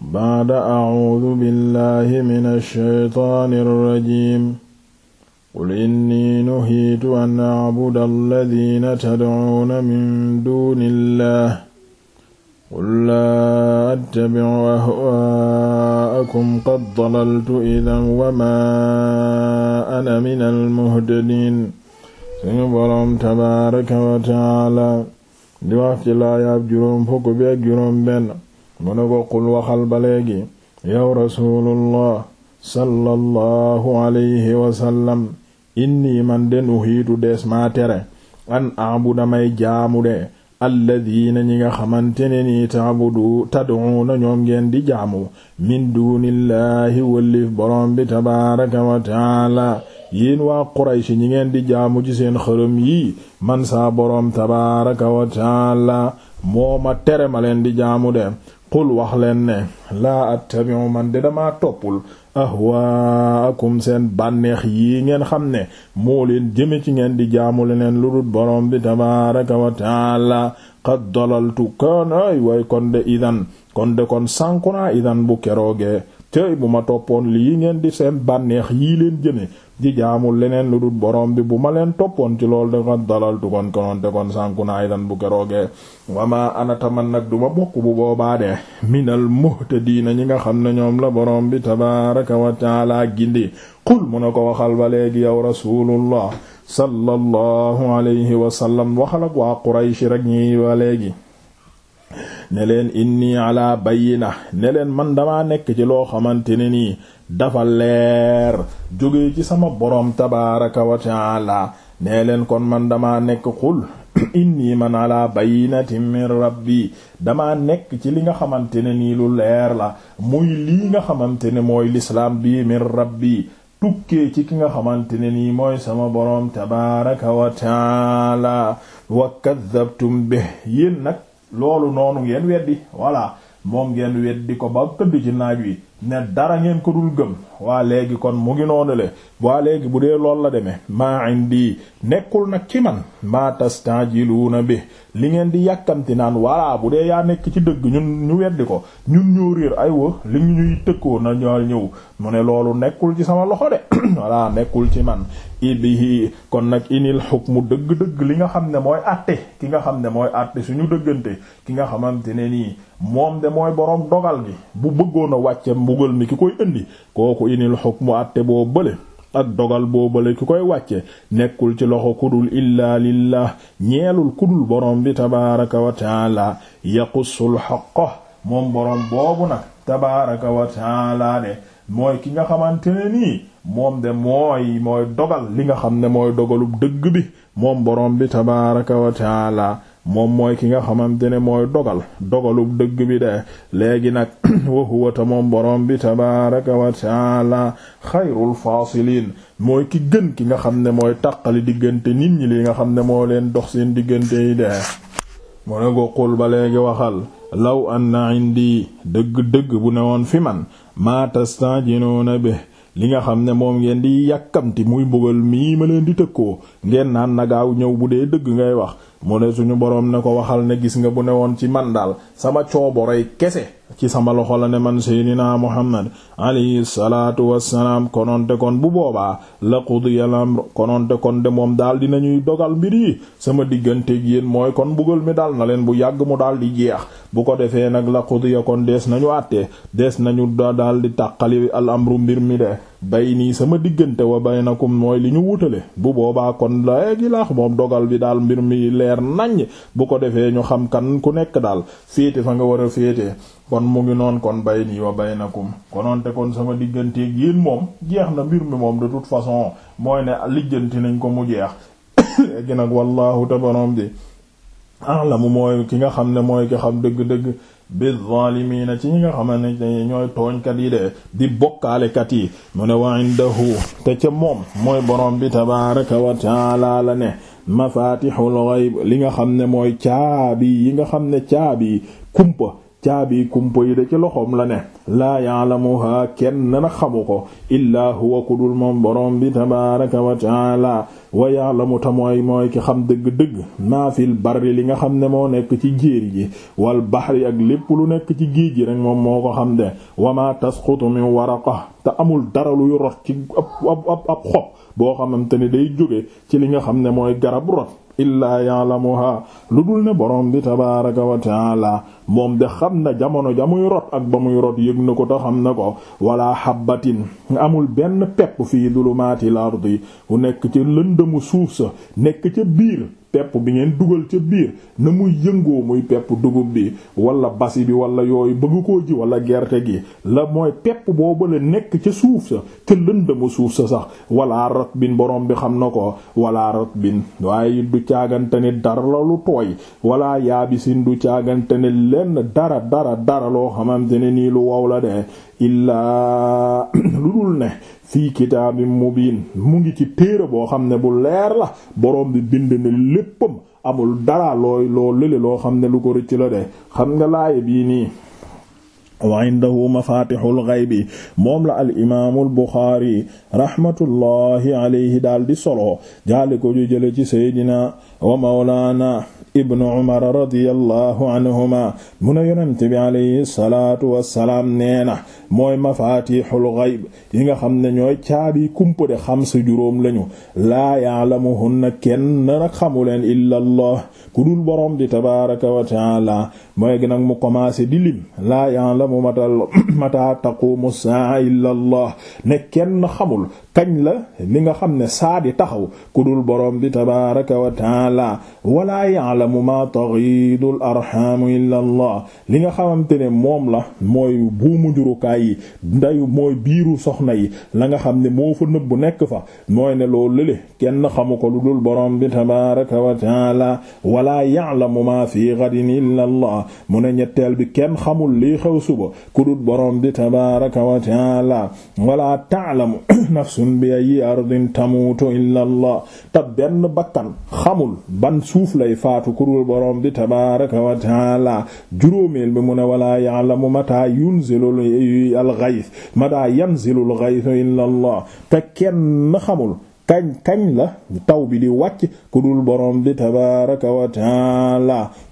baada acuudu billahi min alsheytaani alrajim qul inni nuhiitu an acbuda alladina tadcuuna min duuni illah qul laa attabicu ahwaa'akum qad dalaltu idan wamaa ana min almuhtadiin suñu boroom tabaaraka wa tacaala di wax ci laayaab juróom fukk bi ak juróom benn mu ne ko qul waxal ba léegi yow rasuulullah sallallahu alayhi wasallam inni man den uhiitu dees maa tere an aabuda may jaamu de alladiina ñi nga xamante ne nii taabudu tad'uuna ñoom ngeen di jaamu min duunillaahi wëllif boroom bi tabaaraka wa taala yéen waa Quraysh ñi ngeen di jaamu ci seen xërëm yii man saa boroom tabaaraka wa taala moo ma tere ma leen di jaamu de qul wax leen ne laa attabi'u man de damaa toppul ahwaakum seen bànneex yii ngeen xam ne moo jëme ci ngeen di jaamu leneen lu dul borom bi tabaaraka wa taala qad dalaltu kon ay way kon de idan kon de kon sànku idan bu keroogee tey bu ma toppoon lii ngeen di seen bànneex yii leen jëme di jaamul leneen lu dul borom bi bu ma leen toppoon ci loolu de kon dalal du kon konoon de kon sànku naay dan bu keroogee wama anataman nag duma bokk bu boobaa de minal muhtadiina ñi nga xam ne ñoom la borom bi tabaaraka wa taala gindi qul mu na ko waxal ba léegi yow rasulullah sallallahu alayhi wa sallam waxal ak waa qurayshi rek ñi ba léegi ne leen inni ala bayyina ne leen man dama nekk ci loo xamante ne nii dafa leer jóge ci sama boroom tabaaraka wa taala leen kon man damaa nekk xul inni man ala bayyinatin min rabbi damaa nekk ci li nga xamante ne nii lu leer la muy lii nga xamante ne mooy lislaam bi min rabbi tukkee ci ki nga xamante ne nii mooy sama boroom tabaaraka wa taala wa kaddabtum bi yéen nag loolu noonu ngeen weddi voilà moom ngeen weddi ko ba tëdd ci naaj wi ne dara ngeen ko dul gëm waa léegi kon mu ngi noonu le waa léegi bu dee lool la demee ma indi nekkul nag ci man wu na bi li ngeen di yàkkamti naan walla bu dee yaa nekk ci dëgg ñun ñu weddi ko ñun ñoo réer aywa li ñu ñuy tëkkoo na ñoo ñëw mu ne loolu nekkul ci sama loxo de walla nekkul ci man ibihi kon nag inil hukmu dëgg-dëgg li nga xam ne mooy àtte ki nga xam ne mooy àtte suñu dëggante ki nga xamante ne nii moom de mooy boroom dogal bi bu bëggoon a wàcce mbugal mi ki koy indi kooku inil mu àtte boo bële ak dogal boobale ki koy wàcce nekkul ci loxo kudul illaa lillah ñeelul kudul borom bi tabaraka wa taala yaqussul xaqo moom borom boobu nag tabaraka wa taala mooy ki nga xamante ne nii moom de mooy mooy dogal li nga xam ne mooy dogalub dëgg bi moom borom bi tabaaraka wa moom mooy ki nga xamante ne mooy dogal dogalub dëgg bi de léegi nag wa huwa moom borom bi tabaaraka wa taala xayrul faasiliin mooy ki gën ki nga xam ne mooy taqali diggante nit ñi li nga xam ne moo leen dox seen diggante yi de mu ne ko qul ba léegi waxal law anna indi dëgg-dëgg bu woon fi man maa tastajiluuna bi li nga xam ne moom ngeen di yàkkamti muy mbugal mii ma leen di tëkkoo ngeen naan nagaaw ñëw bu dee dëgg ngay wax mu ne suñu boroom ne ko waxal ne gis nga bu ne woon ci man daal sama cooborey kese ci sama loxo la ne man seydinaa muhammad alayhi salaatu wassalaam kononte kon bu boobaa la qudiya al-amr kononte kon de moom daal nañuy dogal mbir yi sama digganteeg yéen mooy kon mbugal mi daal na leen bu yàgg mu daal di jeex bu ko defee nag la qudiya kon dees nañu àttee dees nañu daal di tàqali al mbir mi de bay nii sama diggante wa baynakum mooy li ñu wutale bu boobaa kon léegi laax moom dogal bi daal mbir mi leer nañ bu ko defee ñu xam kan ku nekk daal féete fa nga war a féete kon mu ngi noon kon bay nii wa baynakum konoonte kon sama digganteeg yéen moom jeex na mbir mi moom de toute façon mooy ne lijjanti nañ ko mu jeex léegi nag wallaahu tabaram bi a'lamu mooy ki nga xam ne mooy ki xam dëgg-dëgg bi zaalimiina ci ñi nga xamante ne ñooy tooñkat yi de di kat yi mu ne wa indahu te ca moom mooy borom bi tabaaraka wa laa la ne mafaatihul gayb li nga xam ne mooy caabi yi nga xam ne caabi kumpa caabi kumpo yi de ci loxoom la ne laa ya'lamuha kenn na xamu ko illaa huwa ku dul moom borom bi tabaaraka wa ta'aala wa ya'lamu ta mooy ki xam dëgg-dëgg maa fil barri li nga xam ne moo nekk ci jéer ji wal bahri ak lépp lu nekk ci géej gi rek moom moo ko xam de wa maa tasqutu min waraqa te amul dara luy rot ci ab ab ab xob boo xamante ne day jóge ci li nga xam ne mooy garab rot illaa ya'lamuha lu dul ne borom bi tabaaraka wa ta'ala moom de xam na jamono ja muy rot ak ba muy rot yëg na ko te xam na ko wala habbatin amul benn pepp fii dulumaati yi bu nekk ca lëndëmu suuf sa nekk ca biir pepp bi ngeen dugal ca biir na muy yëngoo muy pepp dugub bi wala basi bi wala yooyu bëgg koo ji wala gerte gi la mooy pepp boobu la nekk ca suuf sa ca lëndëmu suuf sa sax wala ratbin borom bi xam na ko wala ratbin waaye du caagante ni dara lu tooy wala yaabisin du caagante ni lenn dara dara dara loo xamante ne nii lu wow la de illaa lu dul ne fii kitaabi mubiin mu ngi ci téere boo xam ne bu leer la boroom bi bind ne léppam amul dara looy loo lële loo xam ne lu ko rëcc la de xam nga laay bii nii wa indahu mafatihul ghaybi moom la al imaamul buxaari rahmatullahi daaldi solo jaale ko ju jële ci saydina wa mawlaana ibnu umar radiyallahu anhuma mu ne yonent bi alayhi salaatu wassalaam mooy mafatihul ghayb yi nga xam ne ñooy caabi kumpa de xam juróom lañu laa ya'lamuhunna kenn nag xamuleen illa allah ku dul borom di tabaaraka wa mooy gi nag mu commencé di lim laa ya'lamu mata taqumu saa illa allah ne kenn xamul kañ la li nga xam ne saa di taxaw ku dul boroom bi tabaraka wa taala walaa ya'lamu ma taghidul arham illa allah li nga xamante ne moom la mooy buumu jurukaay yi ndayu mooy biiru soxna yi la nga xam ne moo fa nëbb nekk fa mooy ne loolu lële kenn xamu ko lu dul boroom bi tabaraka wa taala walaa ya'lamu ma fi ghadin illa allah mu bi kenn xamul lii xew suba ku dul boroom bi tabaraka wa taala walaa nafsu nafsun bi ayi ardin tamutu illa allah te benn bakkan xamul ban suuf lay faatu kurul borom bi tabaraka wa taala juróomeel bi mu ne walaa ya'lamu mata yunzilul alghayth mata yanzilul ghayth illa allah te kenn xamul kañ kañ la taw bi di wàcc ku dul borom bi tabaraka wa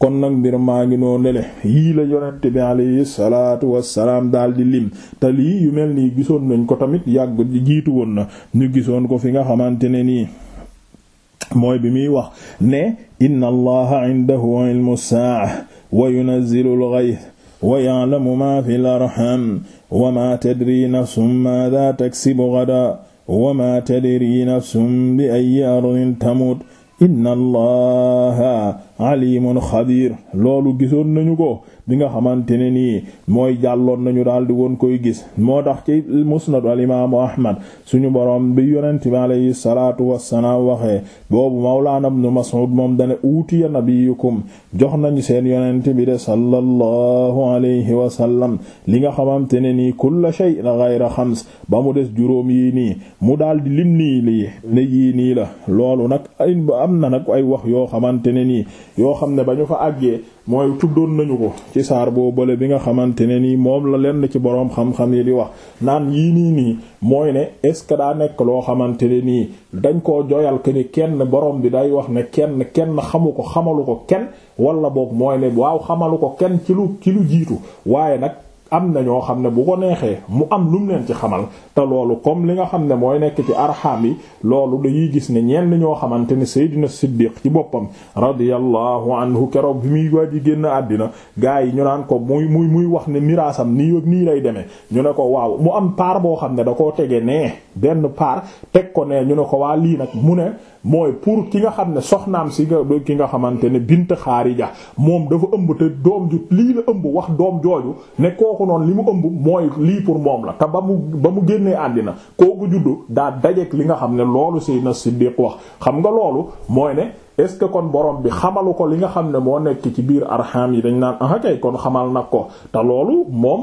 kon nag mbir maa ngi noo nele la yonent bi alayhi salaatu wassalaam daal di lim te lii yu mel ni gisoon nañ ko tamit yàgg jiitu woon na ñu gisoon ko fi nga xamante ne nii mooy bi muy wax ne inna allaha indahu ilmu saa'a wa yunazzilu al-ghayth wa ya'lamu ma fil arham wa ma tadri nafsun madha taksibu ghadan wa maa tadri nafsun bi ayyi ardin tamut inna allaha alimun xabiir loolu gisoon nañu ko bi nga xamante ne nii mooy jàlloon nañu daal di woon koy gis moo tax ci musnadu alimaamu ahmad suñu borom bi yonent bi alayhi salaatu wassalaam waxee boobu mawlaana ibnu mas'ud moom dane uutiya nabiyukum jox nañu seen yonent bi de sallallahu alayhi wasallam li nga xamante ne nii kulla shay'in ghayra xams ba mu des juróom yii nii mu daal di lim nii lii ne yii nii la loolu nag ay am na nag ay wax yoo xamante ne nii yoo xam ne ba ñu fa àggee mooy tuddoon nañu ko ci saar boo bële bi nga xamante ne nii moom la lenn ci boroom xam-xam yi di wax naan yii nii nii mooy ne est ce que daa nekk loo xamante ne nii dañ koo joyal que ni kenn boroom bi day wax ne kenn kenn xamu ko xamalu ko kenn wala boog mooy ne waaw xamalu ko kenn ci lu ci lu jiitu waaye nag am na ñoo xam ne bu ko neexee mu am lu mu leen ci xamal te loolu comme li nga xam ne mooy nekk ci arxaam yi loolu dañuy gis ne ñenn ñoo xamante ne Seydina Siddiq ci boppam radiyallahu anhu keroog bi muy waaj génn àddina gaa yi ñu naan ko muy mu muy wax ne miraasam nii ak nii lay demee ñu ne ko waaw mu am paar boo xam ne da koo tege nee benn paar teg ko nee ñu ne ko waa lii nag mu ne mooy pour ki nga xam ne soxnaam si nga ki nga xamante ne bint Xaarija moom dafa ëmb te doom ju lii la ëmb wax doom jooju ne kooku noonu li mu ëmb mooy lii pour moom la te ba mu ba mu génnee àddina kooku juddu daa dajeek li nga xam ne loolu si Siddiq wax xam nga loolu mooy ne est-ce que kon borom bi xamalu ko li nga xam ne moo nekk ci biir arham yi dañ naan ah kon xamal nag ko te loolu moom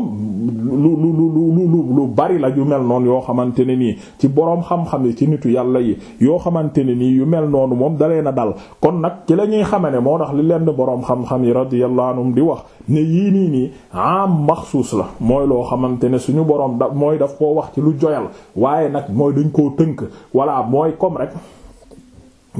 lu lu lu lu lu bari la yu mel noonu yoo xamante ne nii ci borom xam-xam yi ci nitu yàlla yi yoo xamante ne nii yu mel noonu moom dalee na dal kon nag ci la ñuy xame ne moo tax li leen borom xam-xam yi radiyallahu anhum di wax ne yii nii nii am maxsuus la mooy loo xamante ne suñu borom da mooy daf koo wax ci lu joyal waaye nag mooy dañ ko tënk walla mooy comme rek.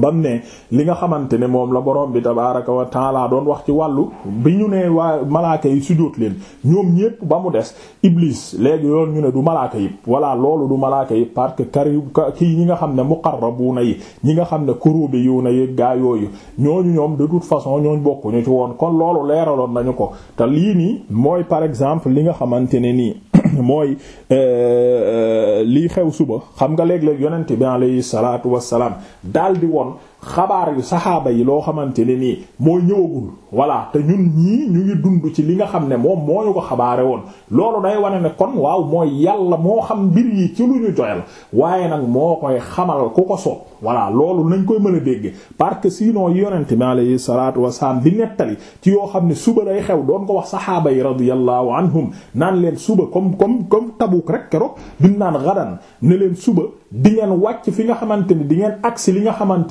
bam ne li nga xamante ne moom la borom bi tabaaraka wa laa doon wax ci wàllu bi ñu nee waa malaaka yi sujjóot leen ñoom ñépp ba mu des iblis léegi yoon ñu ne du malaaka yi voilà loolu du malaaka parce que kari kii ñi nga xam ne muqarrabuuna yi ñi nga xam ne bi na yi gaa yooyu ñooñu ñoom de toute façon ñooñ bokkuñu ci woon kon loolu leeraloon nañu ko te lii nii mooy par exemple li nga xamante ne nii mooy euh, euh, lii xew suba xam nga léeg-léeg yonent bi alayhi salaatu wassalaam daal di won xabaar yu saxaaba yi loo xamante ne nii mooy ñëwagul voilà te ñun ñii ñu ngi dund ci li nga xam ne moom moo ko xabaare woon loolu day wane ne kon waaw mooy yàlla moo xam mbir yi ci lu ñu joyal waaye nag moo koy xamal ku ko soob voilà loolu nañ koy mën a dégg parce que sinon yonent bi alayhi salaatu wasalaam di nettali ci yoo xam ne suba day xew doon ko wax saxaaba yi radiyallahu anhum naan leen suba comme comme comme rek keroog duñ naan gadan ne leen suba di ngeen wàcc fi nga xamante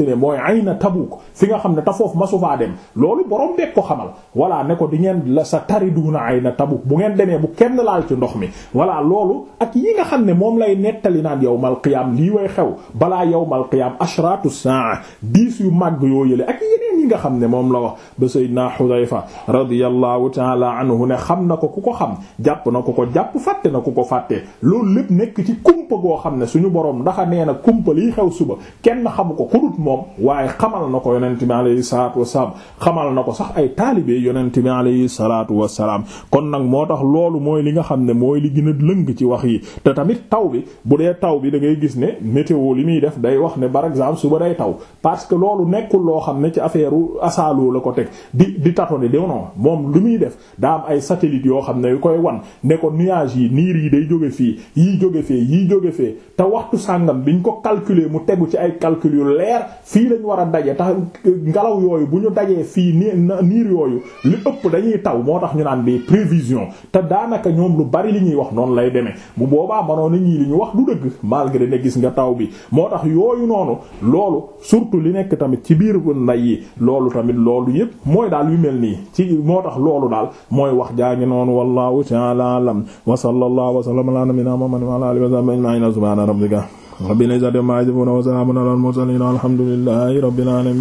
ne ayna Tabuk fi nga xam ne ta foofu masu dem loolu borom beeg ko xamal voilà ne ko di ngeen la sa tari duuna ayna Tabuk bu ngeen demee bu kenn laal ci ndox mi voilà loolu ak nga xam ne moom lay nettali naan yawmal qiyaam lii way xew balaa yawmal qiyaam ashratu saa diis yu màgg yoo ak yeneen yi nga xam ne moom la wax ba Seydina Xudayfa radiyallahu ta'ala anhu ne xam na ko ku ko xam jàpp na ko ko jàpp fàtte na ko ko fàtte loolu lépp nekk ci kumpa goo xam ne suñu borom ndaxa nee na kumpa liy xew suba kenn xamu ko ku dut moom waaye xamal na ko yonent bi alayhi salaatu wasalaam xamal na ko sax ay taalibe yonent bi alayhi salaatu wasalaam kon nag moo tax loolu mooy li nga xam ne mooy li gën a lëng ci wax yi te tamit taw bi bu dee taw bi da ngay gis ne météo li muy def day wax ne par exemple suba day taw parce que loolu nekkul loo xam ne ci affaire asaaloo la ko teg di di tâtonner non moom lu muy def daa am ay satellite yoo xam ne yu koy wan ne ko nuages yi niir yi day jóge fii yii jóge fee yii jóge fee te waxtu sàngam biñ ko calculer mu tegu ci ay calcul leer lañ war a daje tax ngelaw yooyu bu ñu dajee fii niir yooyu li ëpp dañuy taw moo tax ñu naan bi prévision te daanaka ñoom lu bari li ñuy wax noonu lay deme bu boobaa mënoon na ñii li ñu wax du dëgg malgré ne gis nga taw bi moo tax yooyu noonu loolu surtout li nekk tamit ci biir nday yi loolu tamit loolu yépp mooy daal yu mel nii ci moo tax loolu daal mooy wax jaa ngi noonu wallahu ta'ala alam wa sallallahu wa sallama ala nabiyyina muhammadin wa wa bi nizaati maajid fu na wa salaamun alal mursaliin alhamdulillahi rabbil aalamiin